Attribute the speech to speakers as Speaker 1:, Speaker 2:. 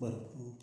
Speaker 1: भरपूर